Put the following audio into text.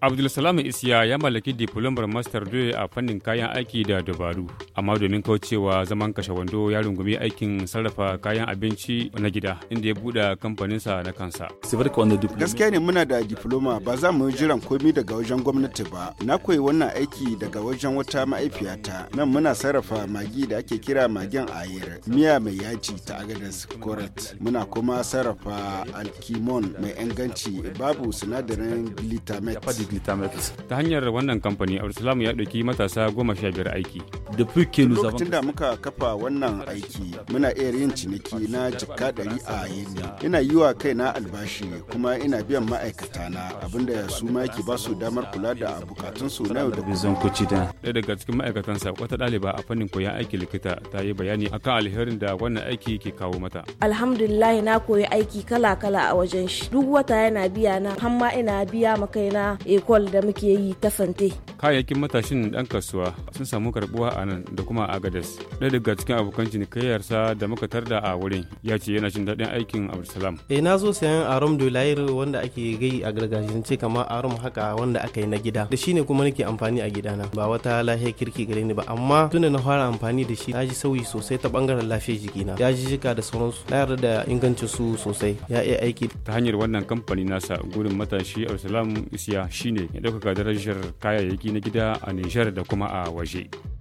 Abdulsalam Isiya ya mallaki diplomar Master 2 a fannin kayan aiki da dabaru, amma domin kaucewa zaman kashe wando ya rungumi aikin sarrafa kayan abinci na gida inda ya buɗe kamfaninsa na kansa. Gaskiya ne muna da diploma ba za mu jiran komi daga wajen gwamnati ba. Na koyi wannan aiki daga wajen wata ma'aifiyata. Nan muna sarrafa magi da ake kira magen ayir, miya mai yaji ta agadas korat. Muna kuma sarrafa alkimon mai inganci babu sinadarin glutamate. ta hanyar wannan kamfani abdulsalam ya ɗauki matasa goma sha biyar aiki da lokacin da muka kafa wannan aiki muna iya yin ciniki na jikka ɗari a yini ina yi wa kaina albashi kuma ina biyan ma'aikata na abinda su ma yake ba su damar kula da bukatunsu na yau da da. ɗaya daga cikin sa wata ɗaliba a fannin koyon aikin likita ta yi bayani akan alherin da wannan aiki ke kawo mata alhamdulillah na koyi aiki kala kala a wajen shi duk wata yana biya na hamma ina biya ma kaina ekol da muke yi ta fante kayayyakin matashin ɗan kasuwa sun samu karɓuwa a nan da kuma a gadas ɗaya daga cikin abokan cinikayyarsa da muka tarda a wurin ya ce yana jin daɗin aikin abdulsalam eh na zo sayan arom dolayir wanda ake gai a gargajiyance kamar arom haka wanda aka yi na gida da shi ne kuma nake amfani a gidana ba wata lahiyar kirki gare ni ba amma tunda na fara amfani da shi ya ji sauyi sosai ta bangaren lafiyar na. ya ji jika da sauransu na yarda da ingancin su sosai ya iya aiki ta hanyar wannan kamfani nasa gurin matashi abdulsalam isiya shine ya ɗaukaka darajar kayayyaki harkoki na gida a Nijar da kuma a waje.